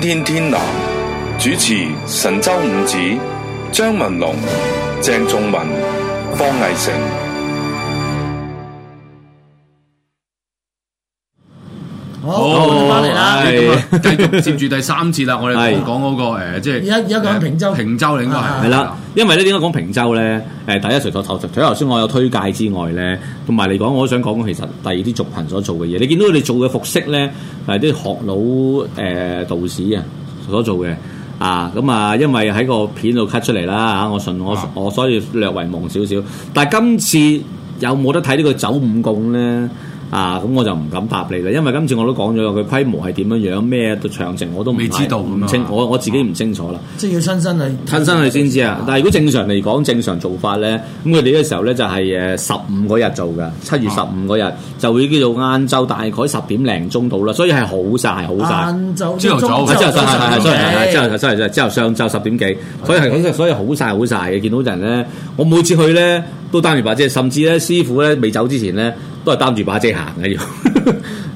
天天天藍主持，神州五子張文龍、鄭仲文、方藝成。 接住第三次啦，我哋講講嗰個是、呃、即係而家而家講平洲，平洲你應該係係啦。的的因為咧點解講平洲咧？誒，第一除咗頭，除咗頭先我有推介之外咧，同埋嚟講，我想講其實第二啲族群所做嘅嘢。你見到佢哋做嘅服飾咧，係啲學佬誒、呃、道士啊所做嘅啊咁啊，因為喺個片度 cut 出嚟啦嚇。我純我、啊、我所以略為朦少少，但係今次有冇得睇呢個走五共咧？呢啊，咁我就唔敢答你啦，因為今次我都講咗佢規模係點樣樣，咩都詳情我都未知道咁清，我我自己唔清楚啦。即係要親身去，親身去先知啊！但係如果正常嚟講，正常做法咧，咁佢哋嗰時候咧就係誒十五嗰日做㗎，七月十五嗰日就會叫做晏晝，大概十點零鐘到啦，所以係好曬、好曬。晏晝朝頭早係朝早，係係係係朝早，朝早朝頭上晝十點幾，所以係所以好曬、好曬！嘅，見到人咧，我每次去咧都單如白姐，甚至咧師傅咧未走之前咧。都係擔住把遮行嘅要，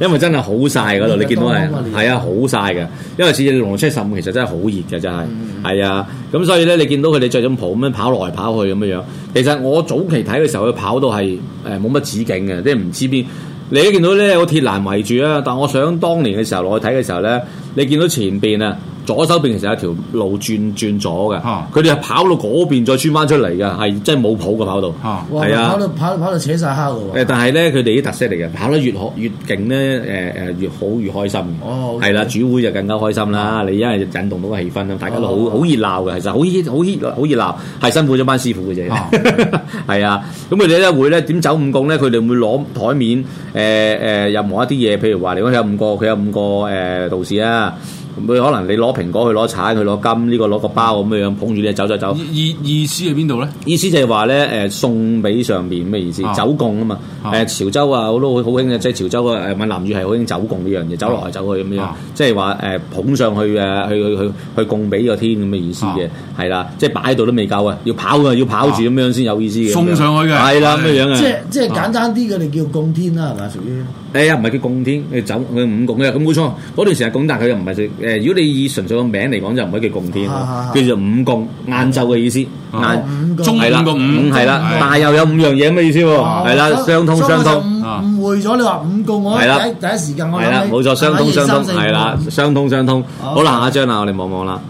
因為真係好晒嗰度。 你見到係係啊，好晒㗎。因為似六七十五其實真係好熱㗎，真係係、嗯、啊。咁所以咧，你見到佢哋着緊袍咁樣跑來跑去咁樣樣。其實我早期睇嘅時候，佢跑到係誒冇乜止境嘅，即係唔知邊。你都見到咧有個鐵欄圍住啊，但我想當年嘅時候落去睇嘅時候咧，你見到前邊啊。左手邊其實有條路轉轉咗嘅，佢哋係跑到嗰邊再穿翻出嚟嘅，係真係冇譜嘅跑道，係啊，跑到跑到扯晒蝦嘅。誒，但係咧，佢哋啲特色嚟嘅，跑得越可越勁咧，誒誒越好越開心。哦，係啦、啊，主會就更加開心啦。啊、你因為引動到個氣氛咧，大家都好好、哦、熱鬧嘅，其實好熱好熱好熱鬧，係辛苦咗班師傅嘅啫。係啊，咁佢哋咧會咧點走五個咧？佢哋會攞台面誒誒、呃呃、任何一啲嘢，譬如話，你果有五個，佢有五個誒、呃、道士啊。佢可能你攞蘋果，去攞橙，去攞金，呢個攞個包咁嘅樣，捧住你走走走。意意思係邊度咧？意思就係話咧，誒送俾上邊咩意思？走供啊嘛！誒潮州啊，好多好興嘅，即係潮州嘅閩南語係好興走供呢樣嘢，走落來走去咁樣，即係話誒捧上去誒去去去供俾個天咁嘅意思嘅，係啦，即係擺喺度都未夠啊，要跑啊，要跑住咁樣先有意思嘅。送上去嘅，係啦，咩樣啊？即即係簡單啲嘅，你叫供天啦，係咪啊？屬於。誒呀，唔係叫供天，你走佢五供嘅，咁冇錯。嗰段時係供，但佢又唔係食誒，如果你以純粹個名嚟講，就唔可以叫供天，叫做五供，晏晝嘅意思，晏中午個五，係啦，但係又有五樣嘢咁嘅意思喎，係啦，相通相通。誤誤會咗你話五供，我喺第一第一時間我係冇錯，相通相通，係啦，相通相通。好啦，下一張啦，我哋望望啦，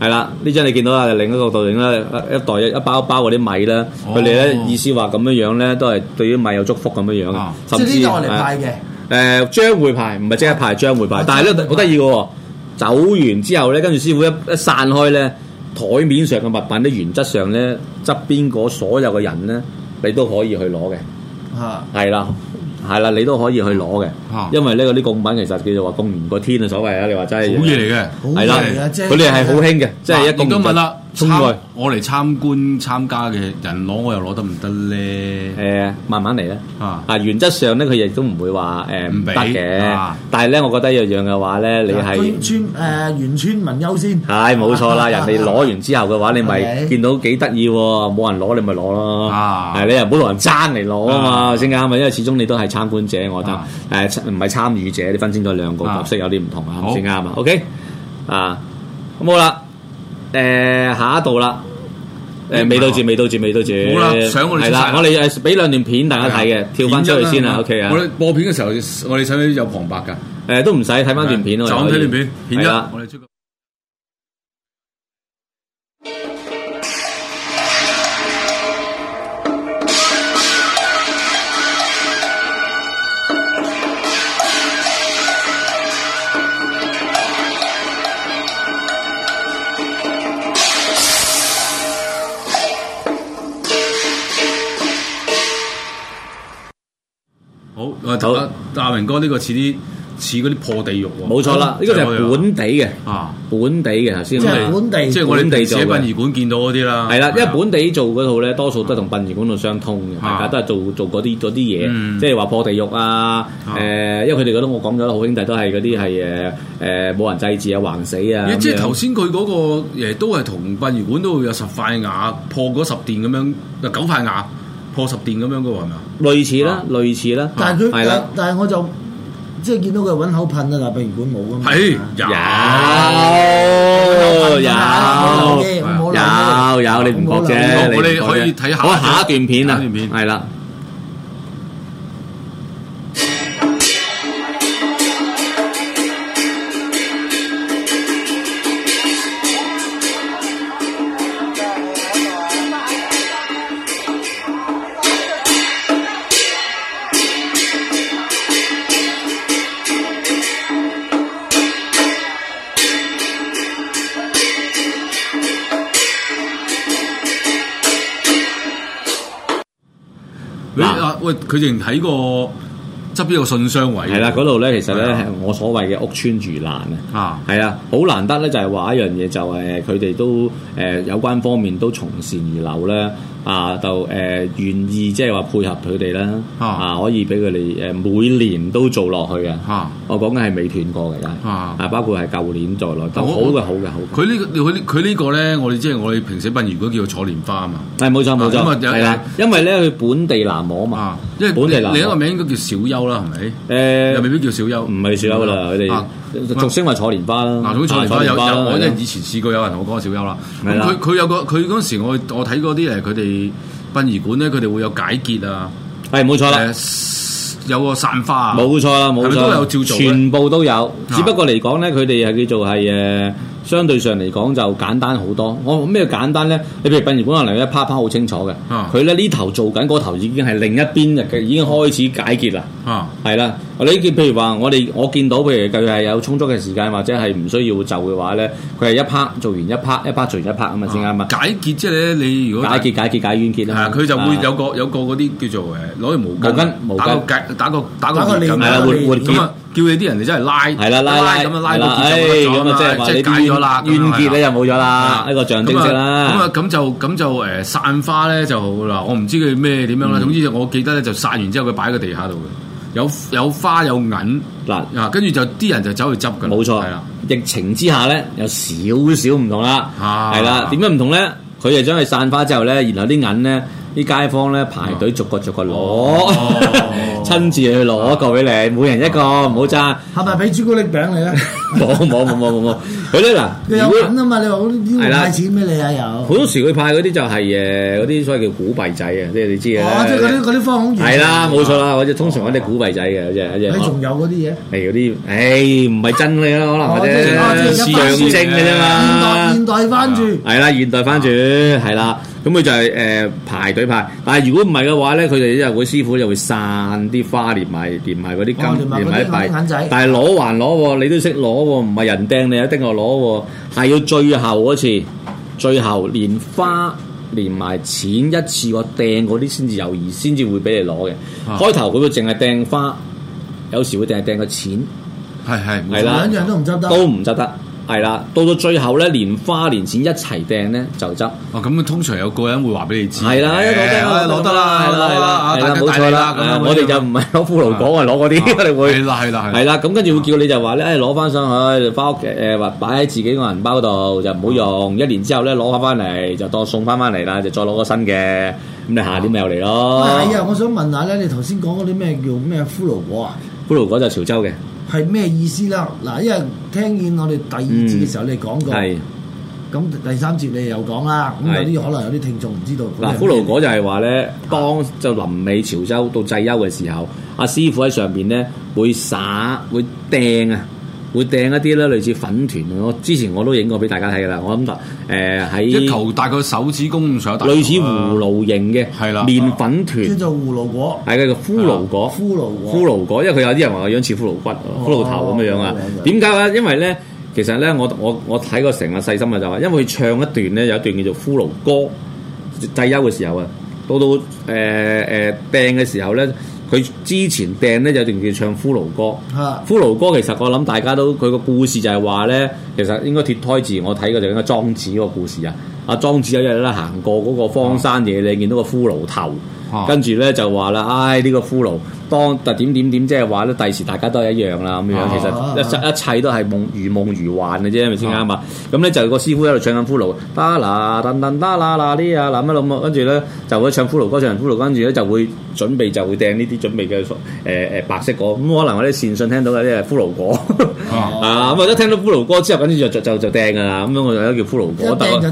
係啦，呢張你見到啊，另一個造型啦，一袋一包一包嗰啲米啦，佢哋咧意思話咁樣樣咧，都係對於米有祝福咁樣樣啊。即係呢啲我嚟拜嘅，誒將會派，唔係即刻派將會派，但係咧好得意嘅喎。走完之後呢，跟住師傅一一散開呢，台面上嘅物品呢，原則上呢，側邊嗰所有嘅人呢，你都可以去攞嘅。啊，係啦，係啦，你都可以去攞嘅。啊，因為呢個啲供品其實叫做話供唔過天嘅啊，所謂啊，你話真係，好嘢嚟嘅，係啦，佢哋係好興嘅，即係一。我都問啦。參我嚟，參觀參加嘅人攞，我又攞得唔得咧？誒，慢慢嚟啦。啊，啊，原則上咧，佢亦都唔會話誒唔俾得嘅。但係咧，我覺得一樣嘅話咧，你係原村誒原村民優先。係，冇錯啦。人哋攞完之後嘅話，你咪見到幾得意，冇人攞你咪攞咯。啊，你又唔好同人爭嚟攞啊嘛，先啱啊。因為始終你都係參觀者，我覺得誒唔係參與者，你分清楚兩個角色有啲唔同啊，先啱啊。OK，啊，咁好啦。誒、呃，下一度啦，誒、呃，未到住，未到住，未到住，係啦錯，上嚟啦，我哋誒俾兩段片大家睇嘅，的跳翻出去先啦，啊，OK 啊？我哋播片嘅時候，我哋使唔使有旁白噶？誒、啊，都唔使，睇翻段片咯。的就睇段片，片一，我哋出。啊！頭阿明哥呢個似啲似啲破地獄喎，冇錯啦，呢個就係本地嘅啊，本地嘅頭先即係本地，即係我哋本地做喺殯儀館見到嗰啲啦，係啦，因為本地做嗰套咧，多數都係同殯儀館度相通嘅，大家都係做做嗰啲啲嘢，即係話破地獄啊，誒，因為佢哋覺得我講咗好兄弟都係嗰啲係誒誒冇人祭祀啊，橫死啊，即係頭先佢嗰個都係同殯儀館都會有十塊瓦破嗰十殿咁樣，九塊瓦。破十電咁樣噶喎，係咪啊？類似啦，類似啦，係啦。但係我就即係見到佢揾口噴啊，但譬如本冇咁嘛。係有有有有，你唔覺啫？我哋可以睇下下一段片啊，係啦。佢仍喺個執邊個信箱位，係啦，嗰度咧，其實咧，係我所謂嘅屋村住難啊，係啊，好難得咧，就係話一樣嘢，就係佢哋都誒，有關方面都從善如流啦。啊，就誒願意即係話配合佢哋啦，啊，可以俾佢哋誒每年都做落去嘅。我講緊係冇斷過嘅啦，啊包括係舊年在內，都好嘅好嘅好。佢呢個佢佢呢個咧，我哋即係我哋平時問，如果叫做坐蓮花啊嘛，係冇錯冇錯，係啦。因為咧佢本地喃嘸啊嘛，因為本地喃。另一個名應該叫小優啦，係咪？誒又未必叫小優，唔係小優啦，佢哋。俗稱為坐蓮花啦，嗱、啊，坐蓮花有有，在我即係以前試過有人同我講小優啦。咁佢佢有個佢嗰時我我睇過啲誒，佢哋殯儀館咧，佢哋會有解結啊，係冇錯啦、呃，有個散花，冇錯啦，冇錯，都有照做，全部都有，的只不過嚟講咧，佢哋係叫做係誒。相對上嚟講就簡單好多。我咩叫簡單咧？你譬如殯儀館啊，嚟一 part part 好清楚嘅。佢咧呢頭做緊，嗰頭已經係另一邊嘅，已經開始解結啦。係啦，你譬如話我哋我見到，譬如佢係有充足嘅時間，或者係唔需要就嘅話咧，佢係一拍做完一拍一拍做完一拍咁嘛先啱啊。解結即係咧，你如果解結解結解冤結啦。係啊，佢就會有個有個嗰啲叫做誒攞條毛巾毛巾解打個打個打啊，活活叫你啲人哋真係拉，係啦，拉咁樣拉到結咗咁啊，即係話解咗啦，怨結咧就冇咗啦，呢個象徵式啦。咁啊咁就咁就誒散花咧就好啦。我唔知佢咩點樣啦，總之我記得咧就散完之後佢擺喺個地下度嘅，有有花有銀嗱，跟住就啲人就走去執㗎。冇錯，疫情之下咧有少少唔同啦，係啦。點解唔同咧？佢係將佢散花之後咧，然後啲銀咧，啲街坊咧排隊逐個逐個攞。親自去攞一個俾你，每人一個，唔好爭。係咪俾朱古力餅你咧？冇冇冇冇冇冇。嗰啲嗱，佢有份啊嘛，你話我係啦，錢俾你啊有。好多時佢派嗰啲就係誒嗰啲所謂叫古幣仔啊，即係你知啊。哇！即係嗰啲嗰啲方孔圓。係啦，冇錯啦，或者通常揾啲古幣仔嘅，一隻。你仲有嗰啲嘢？係嗰啲，唉，唔係真嘅咯，可能啫，象徵嘅啫嘛。現代現代翻轉。係啦，現代翻轉，係啦，咁佢就係誒排隊派，但係如果唔係嘅話咧，佢哋即係會師傅就會散啲。花連埋連埋啲金連埋啲幣，但係攞還攞喎，你都識攞喎，唔係人掟你一定我攞喎，但係要最後嗰次，最後連花連埋錢一次我掟嗰啲先至有意，先至會俾你攞嘅。開頭佢會淨係掟花，有時會淨係掟個錢，係係係啦，兩樣都唔執得，都唔執得。係啦，到到最後咧，連花連錢一齊掟咧就執。哦，咁通常有個人會話俾你知。係啦，一攞掟就攞得啦，係啦，係啦，冇錯啦。我哋就唔係攞骷髏果啊，攞嗰啲嚟會。係啦，係啦，係啦。咁跟住會叫你就話咧，攞翻上去，翻屋企誒話擺喺自己個銀包度就唔好用。一年之後咧攞翻翻嚟就當送翻翻嚟啦，就再攞個新嘅。咁你下年咪又嚟咯？係啊，我想問下咧，你頭先講嗰啲咩叫咩骷髏果啊？骷髏果就潮州嘅。係咩意思啦？嗱，因為聽見我哋第二節嘅時候，嗯、你講過，咁係第三節你又講啦，咁係有啲可能有啲聽眾唔知道。嗱，係，骷髏果就係話咧，當就臨尾潮州到祭幽嘅時候，阿師傅喺上邊咧會撒會掟啊。會掟一啲咧，類似粉團。我之前我都影過俾大家睇噶啦。我諗特誒喺一球大概手指公上大。類似葫蘆形嘅，係啦，麵粉團叫做葫蘆果，係叫做骷髏果。骷髏果，骷髏果，因為佢有啲人話個樣似骷髏骨、骷髏頭咁嘅樣啊。點解啊？因為咧，其實咧，我我我睇個成啊細心嘅就話，因為佢唱一段咧有一段叫做骷髏歌祭幽嘅時候啊，到到誒誒掟嘅時候咧。佢之前訂咧有一段叫唱《骷髏歌》啊，骷髏歌其實我諗大家都佢個故事就係話咧，其實應該脱胎自然我睇嘅就應該莊子個故事啊。阿莊子有一日咧行過嗰個荒山野嶺，啊，見到個骷髏頭。跟住咧就話啦，唉呢個《骷髏》當特點點點，即係話咧第時大家都係一樣啦咁樣。其實一一切都係夢，如夢如幻嘅啫，係咪先啱嘛？咁咧就個師傅喺度唱緊《骷髏》，啦啦噔噔啦啦啦啲啊諗一諗啊，跟住咧就會唱《骷髏》歌唱完《骷髏》，跟住咧就會準備就會掟呢啲準備嘅誒誒白色果。咁可能我啲善信聽到嘅啲係《骷髏》果啊。咁啊一聽到《骷髏》歌之後，跟住就就就掟啊。咁樣我就有叫《骷髏》果。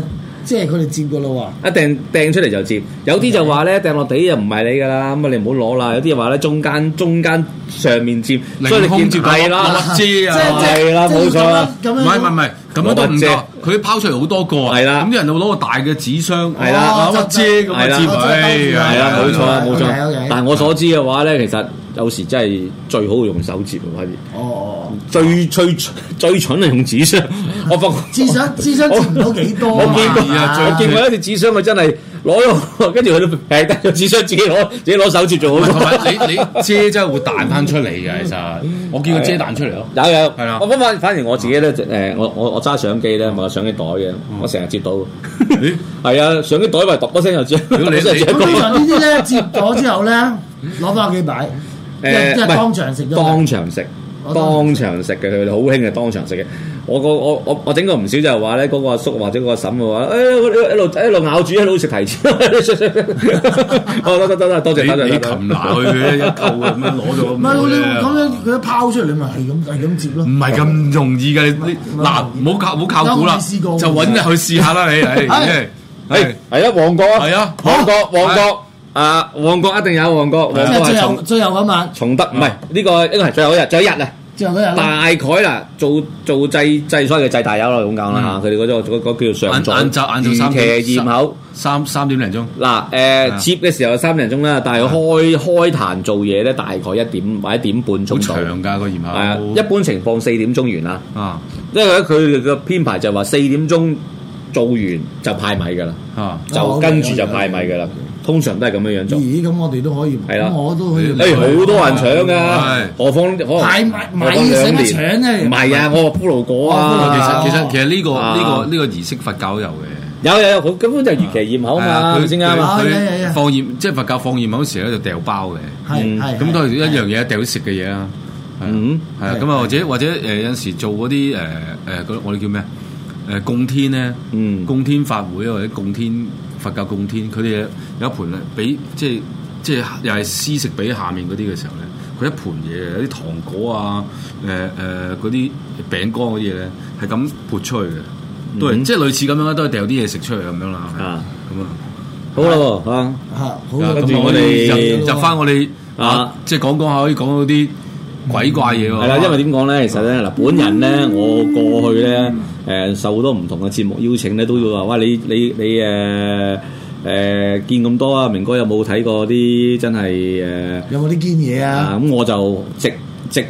即係佢哋接噶啦喎！一掟掟出嚟，就接。有啲就話咧掟落地又唔係你噶啦，咁啊你唔好攞啦。有啲又話咧中間中間上面接。那個、所以你見住咁乜遮啊，係、啊就是、啦冇、就是、錯啦咁樣，唔係唔係。咁樣都唔得，佢拋出嚟好多個，啊！係啦，咁啲人就攞個大嘅紙箱，哇！乜遮咁啊？折唔係，係啊！冇錯，冇錯。但係我所知嘅話咧，其實有時真係最好用手摺啊！快啲哦哦！最最最蠢係用紙箱，我發覺紙箱紙箱摺唔到幾多啊！我見過，我見過一隻紙箱，佢真係～攞咯，跟住佢都平得，智商自己攞，自己攞手接仲好。你你遮真係會彈翻出嚟嘅，其實我見過遮彈出嚟咯。有有，係啦。我反反反而我自己咧，誒，我我我揸相機咧，咪有相機袋嘅，我成日接到。係啊，相機袋咪揼一聲就知。如果你即係通常呢啲咧，接咗之後咧，攞翻屋企擺。誒，即係當場食，當場食，當場食嘅佢哋好興嘅，當場食嘅。我我我我整過唔少就係話呢，嗰個阿叔或者個阿嬸嘅話，一路一路咬住一路食提子，得得得得，多謝你擒拿佢嘅一套咁樣攞咗。唔係你咁樣佢一拋出嚟，你咪係咁係咁接咯。唔係咁容易嘅，嗱唔好靠唔好靠估啦，就揾入去試下啦，你係係係啊，旺角啊，係啊，旺角旺角啊，旺角一定有旺角，最後最後嗰晚重得唔係呢個呢個係最後一日，最後一日啊！大概啦，做做制制所謂嘅制大油啦，咁講啦嚇，佢哋嗰種叫做上晝。晏晏晝晏晝焰口三點零鐘。嗱誒接嘅時候三點零鐘啦，但係開開壇做嘢咧大概一點或者一點半鐘左右。好長㗎個焰口。係啊，啊嗯、一般情況四點鐘完啦。啊，因為咧佢哋嘅編排就係話四點鐘做完就派米㗎啦、啊啊。啊，就跟住就派米㗎啦。啊通常都係咁樣樣做。咦？咁我哋都可以。係咯，我都可以。誒，好多人搶噶，何況可能兩年。唔係啊，我菠蘿果啊。其實其實其實呢個呢個呢個儀式佛教都有嘅。有有根本就瑜伽焰口㗎。佢先啱。佢放焰，即係佛教放焰嗰時咧就掉包嘅。咁都係一樣嘢，掉食嘅嘢啊！嗯。係咁啊，或者或者誒有陣時做嗰啲誒誒，我哋叫咩啊？誒供天咧，嗯，供天法會或者供天。佛教供天，佢哋有一盤咧，俾即係即係又係施食俾下面嗰啲嘅時候咧，佢一盤嘢，有啲糖果啊，誒誒嗰啲餅乾嗰啲嘢咧，係咁撥出去嘅，都係即係類似咁樣都係掉啲嘢食出去咁樣啦。啊，咁啊，好咯，嚇，好，咁我哋入翻我哋啊，即係講講下可以講到啲鬼怪嘢喎。係啦，因為點講咧，其實咧嗱，本人咧，我過去咧。誒受好多唔同嘅節目邀請咧，都要話：喂，你你你誒誒、呃呃、見咁多啊，明哥有冇睇過啲真係誒？呃、有冇啲堅嘢啊？咁、呃、我就直直，直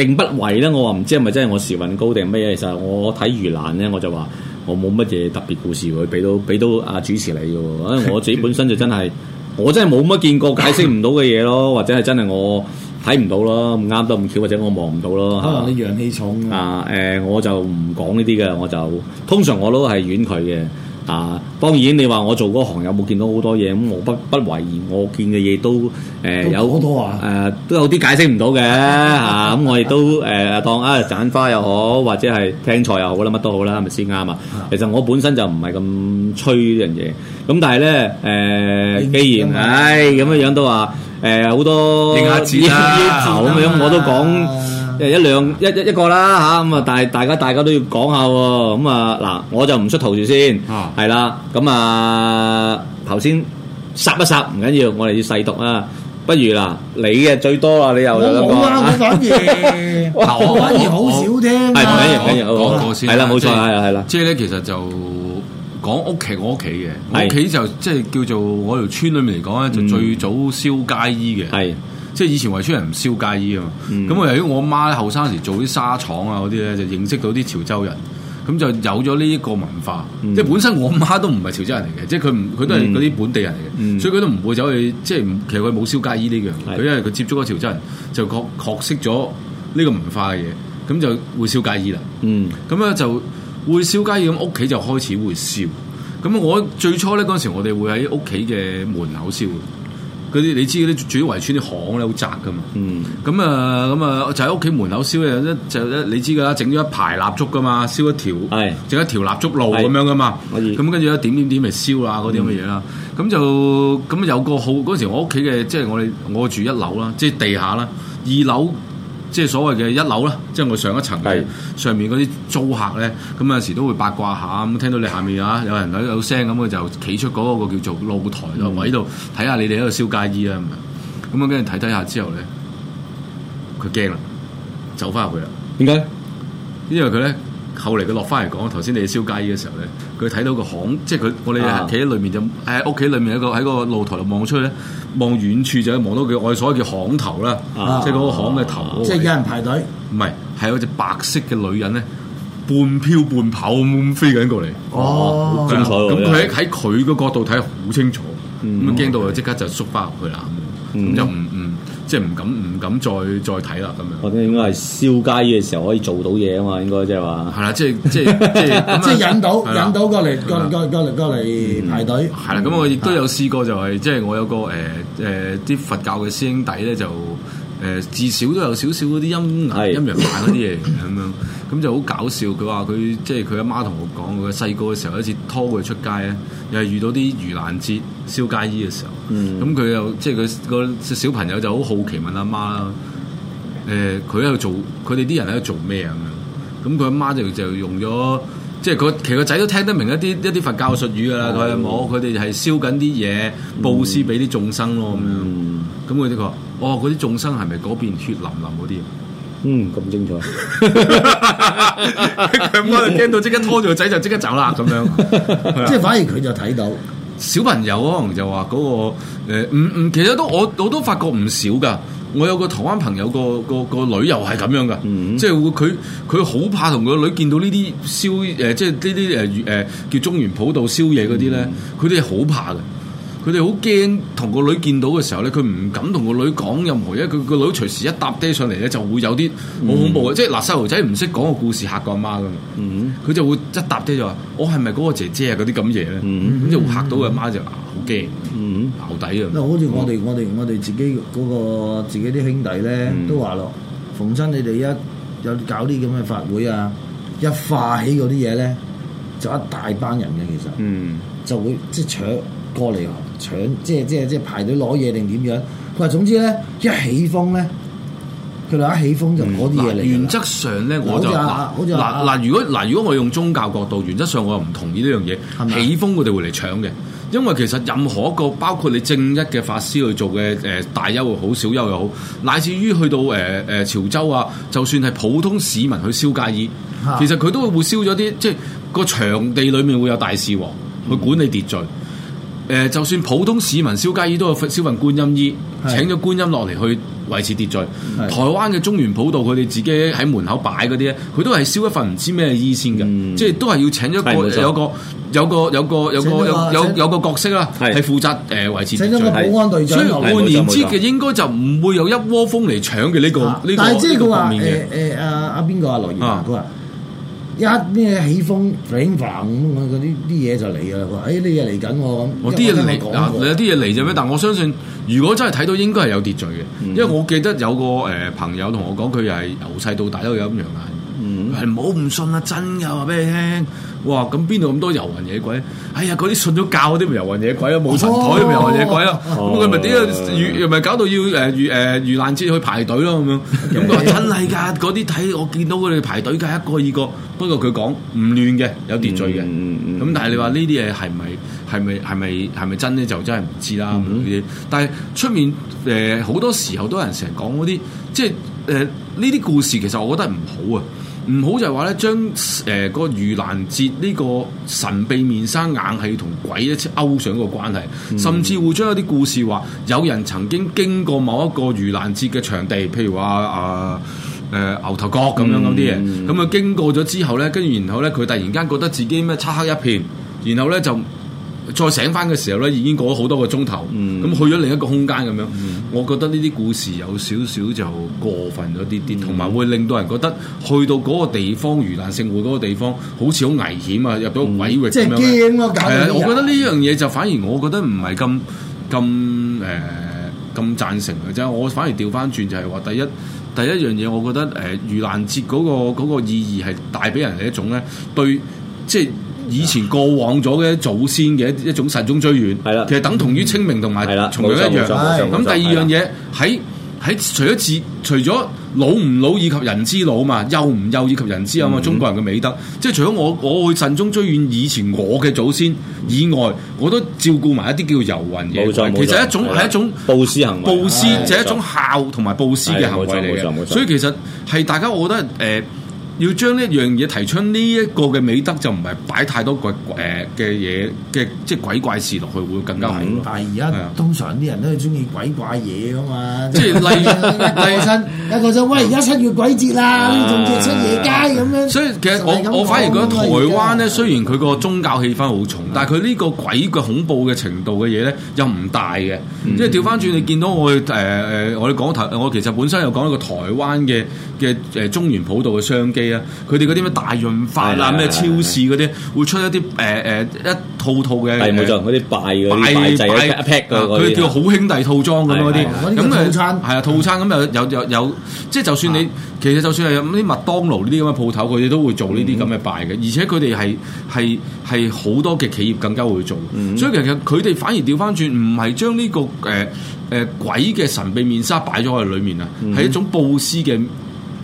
認不諱啦。我話唔知係咪真係我時運高定咩嘢？其實我睇魚欄咧，我就話我冇乜嘢特別故事可以俾到俾到啊主持你嘅。因為我自己本身就真係 我真係冇乜見過解釋唔到嘅嘢咯，或者係真係我。睇唔到咯，唔啱得咁巧，或者我望唔到、啊啊、可能你氣啊，陽氣重啊、呃！我就唔講呢啲嘅，我就通常我都係遠佢嘅。啊，當然你話我做嗰行有冇見到好多嘢，咁，我不不懷疑，我見嘅嘢都誒有好多啊，誒都有啲解釋唔到嘅嚇，咁我亦都誒當啊，眼花又好，或者係聽財又好啦，乜都好啦，係咪先啱啊？是是 其實我本身就唔係咁吹呢樣嘢，咁但係咧誒，既然唉咁嘅樣都話誒好多認下字啦，咁樣、 嗯 嗯，我都講。 即係一兩一一個啦嚇，咁啊，但係大家大家都要講下喎，咁啊嗱，我就唔出頭住先，係啦，咁啊頭先霎一霎唔緊要，我哋要細讀啊，不如嗱你嘅最多啦，你又有一個啊，我反而好少聽，係唔緊要唔緊要，講過先，係啦冇錯係啦係啦，即係咧其實就講屋企我屋企嘅，屋企就即係叫做我條村裏面嚟講咧，就最早燒街衣嘅，係。即係以前圍村人唔燒街衣啊嘛，咁我、嗯、由於我媽後生時做啲沙廠啊嗰啲咧，就認識到啲潮州人，咁就有咗呢一個文化。嗯、即係本身我媽都唔係潮州人嚟嘅，嗯、即係佢唔佢都係嗰啲本地人嚟嘅，嗯、所以佢都唔會走去即係其實佢冇燒街衣呢、這、樣、個，佢的因為佢接觸咗潮州人，就覺學識咗呢個文化嘅嘢，咁就會燒街衣啦。嗯，咁咧就會燒街衣，咁屋企就開始會燒。咁我最初咧嗰陣時，我哋會喺屋企嘅門口燒。嗰啲你知嗰啲主要圍村啲巷咧好窄噶嘛，咁啊咁啊就喺屋企門口燒嘢，就你知噶啦，整咗一排蠟燭噶嘛，燒一條，整是一條蠟燭路咁是樣噶嘛，咁以跟住一點點點咪燒啦嗰啲咁嘅嘢啦，咁、嗯、就咁有個好嗰時我屋企嘅即係我哋我住一樓啦，即係地下啦，二樓。即係所謂嘅一樓啦，即係我上一層嘅是上面嗰啲租客咧，咁有時都會八卦下咁，聽到你下面啊有人有有聲咁，佢就企出嗰個叫做露台啦，我喺度睇下你哋喺度燒街衣啊，咁啊跟住睇睇下之後咧，佢驚啦，走翻入去啦。點解？因為佢咧。後嚟佢落翻嚟講，頭先你哋燒街嘅時候咧，佢睇到個巷，即係佢我哋係企喺裏面就喺屋企裏面一個喺個露台度望出去咧，望遠處就望到佢我哋所謂嘅巷頭啦，即係嗰個巷嘅頭。啊、即係有人排隊。唔係，係有隻白色嘅女人咧，半飄半跑咁飛緊過嚟。哦，咁佢喺喺佢個角度睇好清楚，咁啊驚到佢即刻就縮翻入去啦，咁就唔。嗯即係唔敢唔敢再再睇啦咁樣，我覺得應該係燒街嘅時候可以做到嘢啊嘛，應該即係話係啦，即係即係 樣即係即係引到的引到過嚟過嚟過嚟過嚟排隊。係啦、嗯，咁我亦都有試過就係即係我有個誒誒啲佛教嘅師兄弟咧就。誒至少都有少少嗰啲陰是陰陽眼嗰啲嘢咁樣，咁就好搞笑。佢話佢即係佢阿媽同我講，佢細個嘅時候一次拖佢出街咧，又係遇到啲盂蘭節燒街衣嘅時候，咁佢又即係佢個小朋友就好好奇問阿媽啦，誒佢喺度做，佢哋啲人喺度做咩呀咁樣？咁佢阿媽就就用咗，即係佢其實個仔都聽得明一啲一啲佛教術語啦，佢阿母，佢哋係燒緊啲嘢布施俾啲眾生咯咁樣，咁佢呢個。嗯嗯哦，嗰啲眾生係咪嗰邊血淋淋嗰啲？嗯，咁精彩。阿媽就聽到即刻拖住個仔就即刻走啦，咁樣。 吧即係反而佢就睇到小朋友可能就話嗰、那個誒，唔、呃、唔、嗯嗯，其實都我我都發覺唔少噶。我有個台灣朋友個個個女又係咁樣噶、嗯呃，即係佢佢好怕同個女見到呢啲燒誒，即係呢啲誒誒叫中元普渡燒衣嗰啲咧，佢哋好怕嘅。佢哋好驚，同個女見到嘅時候咧，佢唔敢同個女講任何嘢。佢個女隨時一搭爹上嚟咧，就會有啲好恐怖嘅。即係嗱，細路仔唔識講個故事嚇個阿媽㗎嘛。佢就會一搭爹就話：我係咪嗰個姐姐啊？嗰啲咁嘢咧，咁就嚇到阿媽就好驚，淆底啊！好似我哋我哋我哋自己嗰個自己啲兄弟咧，都話咯：逢親，你哋一有搞啲咁嘅法會啊，一化起嗰啲嘢咧，就一大班人嘅，其實就會即係搶過嚟。搶，即係即係即係排隊攞嘢，定點樣？佢話總之咧，一起風咧，佢話一起風就攞啲嘢嚟。原則上咧，我就嗱嗱，啊啊、如果嗱如果我用宗教角度，原則上我又唔同意呢樣嘢。吧起風佢哋會嚟搶嘅，因為其實任何一個包括你正一嘅法師去做嘅誒、呃、大幽又好，小幽又好，乃至於去到誒誒、呃、潮州啊，就算係普通市民去燒街衣，其實佢都會會燒咗啲即係個場地裏面會有大士王去管理秩序。嗯誒，就算普通市民燒街衣，都有份，燒份觀音衣，請咗觀音落嚟去維持秩序。台灣嘅中元普渡，佢哋自己喺門口擺嗰啲咧，佢都係燒一份唔知咩衣先嘅，即係都係要請咗個有個有個有個有個有有有個角色啦，係負責誒維持秩序。請咗個保安隊長。所以半年之嘅，應該就唔會有一窩蜂嚟搶嘅呢個。但係即係佢話誒誒阿阿邊個阿劉業佢話。一咩起風，頂棚咁，我啲啲嘢就嚟嘅啦。佢話：哎，啲嘢嚟緊我咁。我啲嘢嚟，嗱，你有啲嘢嚟啫咩？但我相信，如果真係睇到，應該係有秩序嘅。因為我記得有個誒朋友同我講，佢又係由細到大都有咁樣。係唔好唔信啊，真嘅話俾你聽。哇，咁邊度咁多遊魂野鬼？哎呀，嗰啲信咗教嗰啲咪遊魂野鬼咯，冇神台咪遊魂野鬼咯。咁佢咪點啊又咪搞到要誒遇誒盂蘭節去排隊咯咁樣。咁佢話真係噶，嗰啲睇我見到佢哋排隊嘅一個二個。不過佢講唔亂嘅，有秩序嘅。咁但係你話呢啲嘢係咪係咪係咪係咪真咧？就真係唔知啦，但係出面誒好多時候都有人成日講嗰啲，即係誒呢啲故事，其實我覺得唔好啊。唔好就係話咧，將、呃、誒、嗰個盂蘭節呢個神秘面紗硬係要同鬼一咧勾上一個關係，嗯、甚至會將一啲故事話有人曾經經過某一個盂蘭節嘅場地，譬如話啊誒牛頭角咁、嗯、樣嗰啲嘢，咁啊經過咗之後咧，跟住然後咧，佢突然間覺得自己咩漆黑一片，然後咧就。再醒翻嘅時候咧，已經過咗好多個鐘頭，咁、嗯、去咗另一個空間咁樣，嗯、我覺得呢啲故事有少少就過分咗啲啲，同埋、嗯、會令到人覺得去到嗰個地方，盂蘭勝會嗰個地方好似好危險啊！入到鬼域咁、嗯、樣，啊、呃，我覺得呢樣嘢就反而我覺得唔係咁咁誒咁贊成嘅啫。我反而調翻轉就係、是、話，第一第一樣嘢，我覺得誒、呃、盂蘭節嗰、那個那個意義係帶俾人係一種咧對，即、就、係、是。以前過往咗嘅祖先嘅一一種慎終追遠，係啦，其實等同於清明同埋重陽一樣。咁第二樣嘢喺喺除咗自除咗老唔老以及人之老啊嘛，幼唔幼以及人之幼啊嘛，中國人嘅美德，即係除咗我我會慎終追遠以前我嘅祖先以外，我都照顧埋一啲叫遊魂嘅，其實一種係一種布施行為，布施就係一種孝同埋布施嘅行為嚟嘅。所以其實係大家，我覺得誒。要將呢一樣嘢提出呢一個嘅美德，就唔係擺太多鬼誒嘅嘢嘅即係鬼怪事落去，會更加好。但係而家通常啲人都係中意鬼怪嘢噶嘛，即係例如身，一個鬼喂！而家七月鬼節啦，仲要出夜街咁樣。所以其實我我反而覺得台灣咧，雖然佢個宗教氣氛好重，但係佢呢個鬼嘅恐怖嘅程度嘅嘢咧，又唔大嘅。即係調翻轉，你見到我誒誒，我哋講台，我其實本身又講一個台灣嘅嘅誒中元普渡嘅商機。佢哋嗰啲咩大潤發啦、啊、咩超市嗰啲，會出一啲誒誒一套套嘅，係嗰啲拜嘅佢、呃、叫好兄弟套裝咁嗰啲，咁啊些套餐係啊、嗯、套餐咁又有有有，即係就算你、啊、其實就算係啲麥當勞呢啲咁嘅鋪頭，佢哋都會做呢啲咁嘅拜嘅，而且佢哋係係係好多嘅企業更加會做，嗯、所以其實佢哋反而調翻轉，唔係將呢個誒誒、呃呃呃、鬼嘅神秘面紗擺咗喺裏面啊，係一種布施嘅。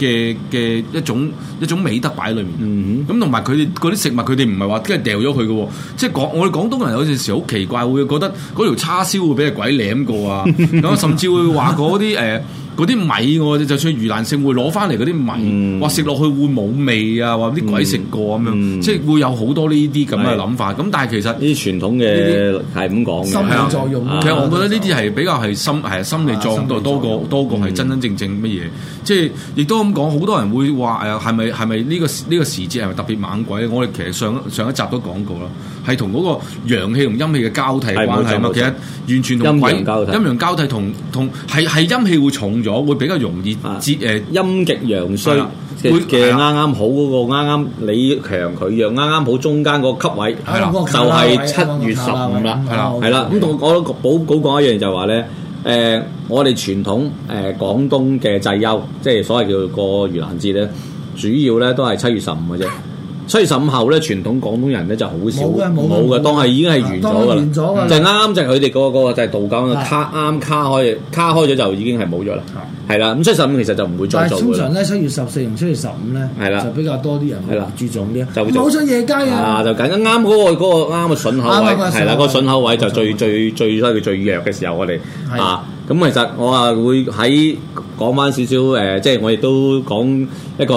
嘅嘅一種一種美德擺喺裏面，嗯哼，咁同埋佢哋嗰啲食物，佢哋唔係話即係掉咗佢嘅，即係講我哋廣東人有陣時好奇怪，會覺得嗰條叉燒會俾個鬼舐過啊，咁 甚至會話嗰啲誒、呃嗰啲米我就算盂蘭勝會攞翻嚟嗰啲米，話食落去會冇味啊，話啲鬼食過咁樣，嗯、即係會有好多呢啲咁嘅諗法。咁的但係其實呢啲傳統嘅係咁講嘅，心理作用。啊、其實我覺得呢啲係比較係心係、啊、心理作用多過、啊、用多過係真真正正乜嘢。嗯、即係亦都咁講，好多人會話誒係咪係咪呢個呢個時節係咪特別猛鬼？我哋其實上上一集都講過啦。係同嗰個陽氣同陰氣嘅交替關係嘛，其實完全同陰陽陰陽交替同同係係陰氣會重咗，會比較容易節誒陰極陽衰嘅啱啱好嗰個啱啱你強佢弱，啱啱好中間嗰個級位，係啦，就係七月十五啦，係啦，咁我我補補講一樣就係話咧，誒我哋傳統誒廣東嘅祭幽，即係所謂叫做過盂蘭節咧，主要咧都係七月十五嘅啫。七月十五後咧，傳統廣東人咧就好少，冇嘅，冇嘅，當係已經係完咗嘅啦。就啱啱就佢哋嗰個嗰個就係道教卡，啱卡開，卡開咗就已經係冇咗啦。係啦，咁七月十五其實就唔會再做嘅。但係通常咧，七月十四同七月十五咧，就比較多啲人注重啲，就冇咗夜街啊。就揀啱啱嗰個嗰個啱嘅筍口位，係啦，個筍口位就最最最衰佢最弱嘅時候，我哋啊。咁其實我啊會喺講返少少，即係我亦都講一個。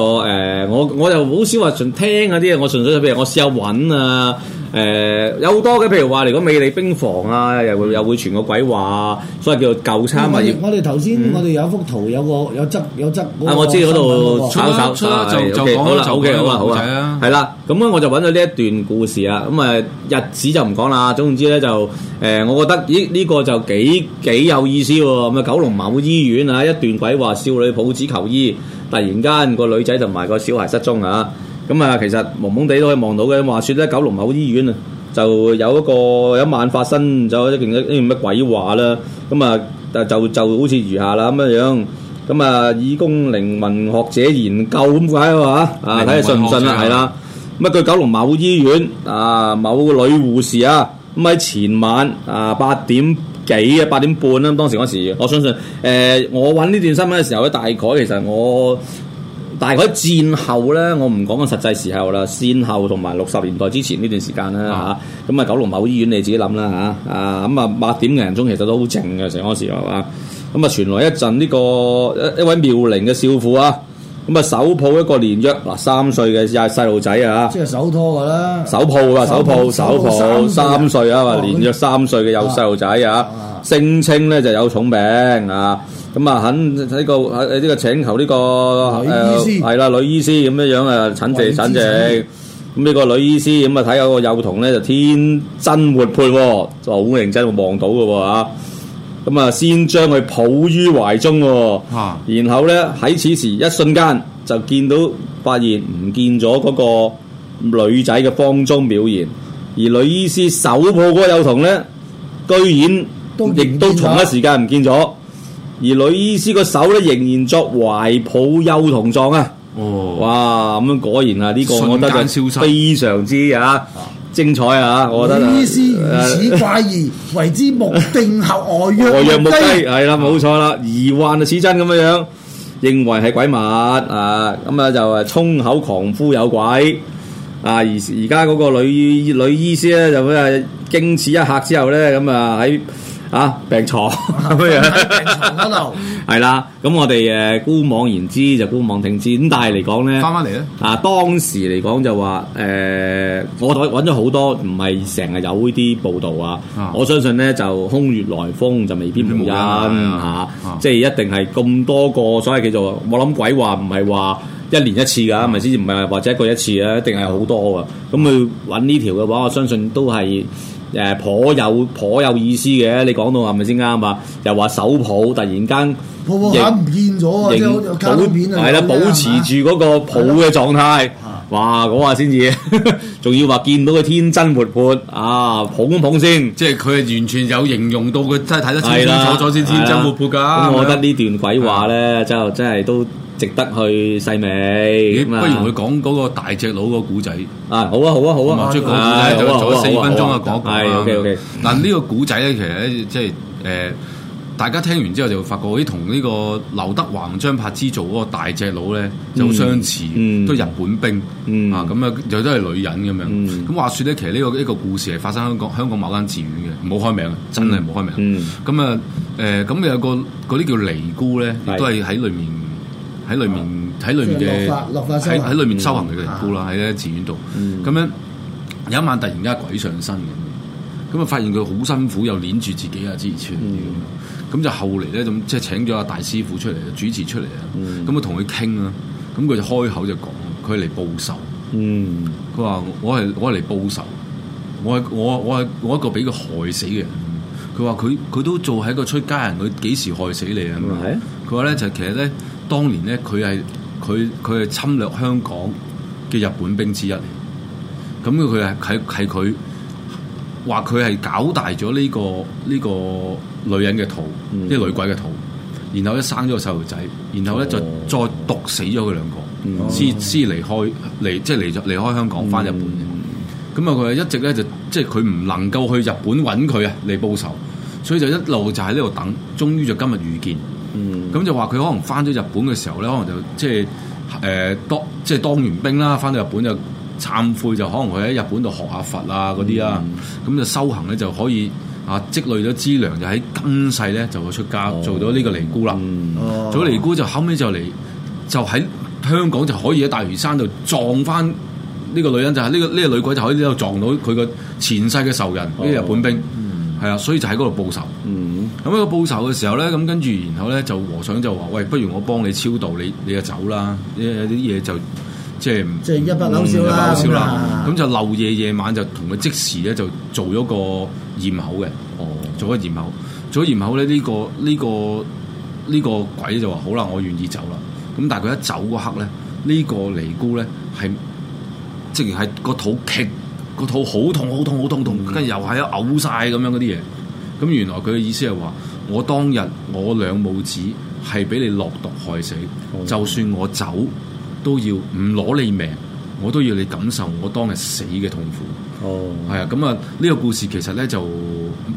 我我又好少話純聽嗰啲嘢，我純粹譬如我試下揾啊。誒有好多嘅，譬如話嚟講美利兵房啊，又會又會傳個鬼話，所以叫做舊參物業。我哋頭先，我哋有一幅圖，有個有則有則。啊，我知嗰度炒炒。出咗就就講走嘅，好啊好啊。係啦，咁啊，我就揾咗呢一段故事啊。咁啊，日子就唔講啦。總言之咧，就誒，我覺得呢呢個就幾幾有意思喎。咁啊，九龍某醫院啊，一段鬼話，少女抱子求醫，突然間個女仔同埋個小孩失蹤啊！咁啊，其實蒙蒙地都可以望到嘅。話説咧，九龍某醫院啊，就有一個有一晚發生咗一件一件咁嘅鬼話啦。咁啊，就就好似如下啦咁嘅樣。咁啊，以供靈魂學者研究咁解喎啊，睇下信唔信啊。係啦。咁啊，據九龍某醫院啊，某女護士啊，咁喺前晚啊八點幾啊八點半啦。咁、啊、當時嗰時，我相信誒、呃，我揾呢段新聞嘅時候咧，大概其實我。但係佢戰後咧，我唔講緊實際時候啦，戰後同埋六十年代之前呢段時間啦嚇，咁 啊九龍某醫院你自己諗啦嚇，啊咁啊八、嗯、點零鐘其實都好靜嘅成個時候。嘛、啊，咁啊傳來一陣呢、呢個一一位妙齡嘅少婦啊，咁啊手抱一個年約嗱三歲嘅幼細路仔啊，即係手拖㗎啦，手抱啊，手抱手抱三歲啊嘛，年約三歲嘅幼細路仔啊，聲稱咧就有重病啊。啊啊啊啊啊啊咁啊，肯呢、呢個呢個請求呢個誒係啦，女醫師咁樣樣啊，診治診治。咁呢個女醫師咁啊，睇下個幼童咧就天真活潑，就好認真望到嘅喎。咁啊，先將佢抱於懷中，啊、然後咧喺此時一瞬間就見到發現唔見咗嗰個女仔嘅慌張表現，而女醫師手抱嗰個幼童咧，居然亦都同一時間唔見咗。而女醫師個手咧仍然作懷抱幼童狀啊！哦，哇，咁樣果然啊，呢、這個我得覺得非常之啊精彩啊！我覺得、啊、醫師如此怪異，啊、為之目定外外口呆，呆、呃、係啦，冇錯啦，疑幻似真咁樣，認為係鬼物啊！咁啊就衝口狂呼有鬼啊！而而家嗰個女女醫師咧就佢係經此一刻之後咧，咁啊喺。啊！病床 病床嗱嗱，係啦。 咁我哋誒姑妄言之就姑妄聽之。咁但係嚟講咧，翻返嚟咧啊！當時嚟講就話誒、呃，我哋揾咗好多唔係成日有呢啲報導啊。我相信咧就空穴來風就未必冇因嚇，即係一定係咁多個。所謂叫做我諗鬼話唔係話一年一次㗎，咪先至唔係或者一個一次啊，一定係好多啊。咁佢揾呢條嘅話，我相信都係。誒頗有頗有意思嘅，你講到係咪先啱啊？又話手抱，突然間抱抱下唔見咗，係啦，保持住嗰個抱嘅狀態，的哇！嗰話先至，仲 要話見到佢天真活潑啊！捧一捧先，即係佢完全有形容到佢真係睇得清清楚楚先，天真活潑㗎。咁我覺得呢段鬼話咧，的就真係都～值得去細味，不如佢講嗰個大隻佬個古仔啊！好啊，好啊，好啊，我最講古仔，仲有四分鐘啊，講係 OK OK。嗱呢個古仔咧，其實咧即係誒，大家聽完之後就會發覺咦，同呢個劉德華同張柏芝做嗰個大隻佬咧就好相似，都係日本兵啊咁啊，又都係女人咁樣。咁話說咧，其實呢個呢個故事係發生喺香港香港某間寺院嘅，唔好開名，真係唔好開名。咁啊誒，咁有個嗰啲叫尼姑咧，亦都係喺裏面。喺裏面，喺裏面嘅喺、啊就係、裏面修行嘅嘅尼姑啦，喺咧寺院度，咁、嗯、樣有一晚突然間鬼上身咁，咁啊發現佢好辛苦，又攆住自己啊之類啲咁就後嚟咧就即係請咗阿大師傅出嚟主持出嚟啊，咁啊同佢傾啊，咁佢就開口就講，佢嚟報仇，嗯，佢話我係我係嚟報仇，我係我我我係我一個俾佢害死嘅人，佢話佢佢都做喺個出家人，佢幾時害死你啊？唔係，佢話咧就其實咧。當年咧，佢係佢佢係侵略香港嘅日本兵之一。咁佢佢係係佢話佢係搞大咗呢、這個呢、這個女人嘅肚，呢、嗯、個女鬼嘅肚。然後咧生咗個細路仔，然後咧就、哦、再毒死咗佢兩個，先先、哦、離開離即係離離開香港返日本。咁啊，佢、嗯嗯、一直咧就即係佢唔能夠去日本揾佢啊嚟報仇，所以就一路就喺呢度等，終於就今日遇見。咁、嗯、就話佢可能翻咗日本嘅時候咧，可能就即係誒、呃、當即係當完兵啦，翻到日本就懺悔，就可能佢喺日本度學下佛啊嗰啲啊，咁、嗯、就修行咧就可以啊積累咗資糧，就喺今世咧就會出家、哦、做咗呢個尼姑啦。嗯哦、做咗尼姑就後尾就嚟就喺香港就可以喺大嶼山度撞翻呢個女人，就係、是、呢、這個呢、這個女鬼就喺呢度撞到佢個前世嘅仇人啲、哦、日本兵。係啊，所以就喺嗰度報仇。咁喺個報仇嘅時候咧，咁跟住，然後咧就和尚就話：喂，不如我幫你超度你，你就走啦！呢啲嘢就即係即係一筆勾銷啦。咁、嗯嗯啊、就漏夜夜晚就同佢即時咧就做咗個驗口嘅。哦，做咗驗口，做咗驗口咧呢、這個呢、這個呢、這個鬼就話：好啦，我願意走啦。咁但係佢一走嗰刻咧，呢、這個尼姑咧係即係喺個肚劈。個肚好痛好痛好痛痛，跟住又係啊嘔晒咁樣嗰啲嘢，咁原來佢嘅意思係話，我當日我兩母子係俾你落毒害死，哦、就算我走都要唔攞你命，我都要你感受我當日死嘅痛苦。哦，係啊，咁啊呢個故事其實咧就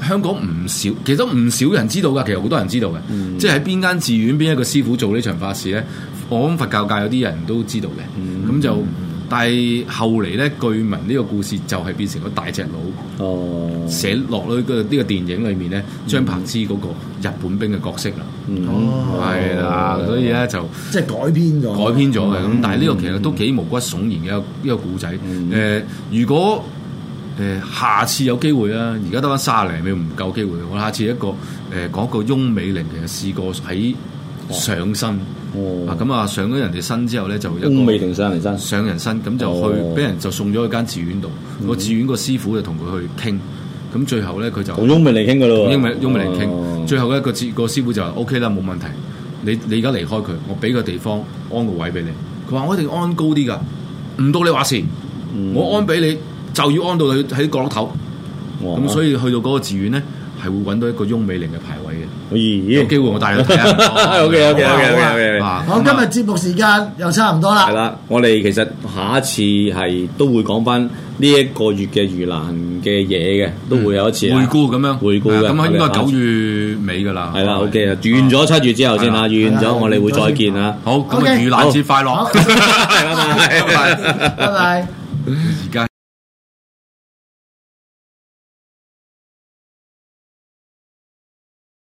香港唔少，其實唔少人知道噶，其實好多人知道嘅，嗯、即係喺邊間寺院邊一個師傅做呢場法事咧，我諗佛教界有啲人都知道嘅，咁、嗯嗯、就。但係後嚟咧，據聞呢個故事就係變成咗大隻佬、oh. 寫落去嘅呢個電影裏面咧，張柏芝嗰個日本兵嘅角色啦，係啦，所以咧就即係改編咗，改編咗嘅咁。的但係呢個其實都幾毛骨悚然嘅一個一個故仔。誒，oh. 如果誒、呃、下次有機會啊，而家得返卅零秒唔夠機會，我下次一個誒講、呃、個翁美玲，其實試過喺上身。Oh. 嗱咁啊，哦、上咗人哋身之後咧，就一個未定上人身，上人身咁，哦、就去俾人就送咗去間寺院度。嗯，個寺院個師傅就同佢去傾，咁最後咧佢就用命嚟傾噶咯，用命用命嚟傾。最後一個個個師傅就 OK 啦，冇問題。你你而家離開佢，我俾個地方安個位俾你。佢話我一定安高啲噶，唔到你話事，嗯，我安俾你就要安到你喺角落頭。咁所以去到嗰個寺院咧。係會揾到一個翁美玲嘅牌位嘅，呢有機會我帶佢睇下。O K O K O K O K，好，今日節目時間又差唔多啦。係啦，我哋其實下一次係都會講翻呢一個月嘅盂蘭嘅嘢嘅，都會有一次回顧咁樣，回顧嘅，咁應該九月尾噶啦。係啦，O K 啊，完咗七月之後先啊，完咗我哋會再見啦。好，咁盂蘭節快樂，拜拜。而家。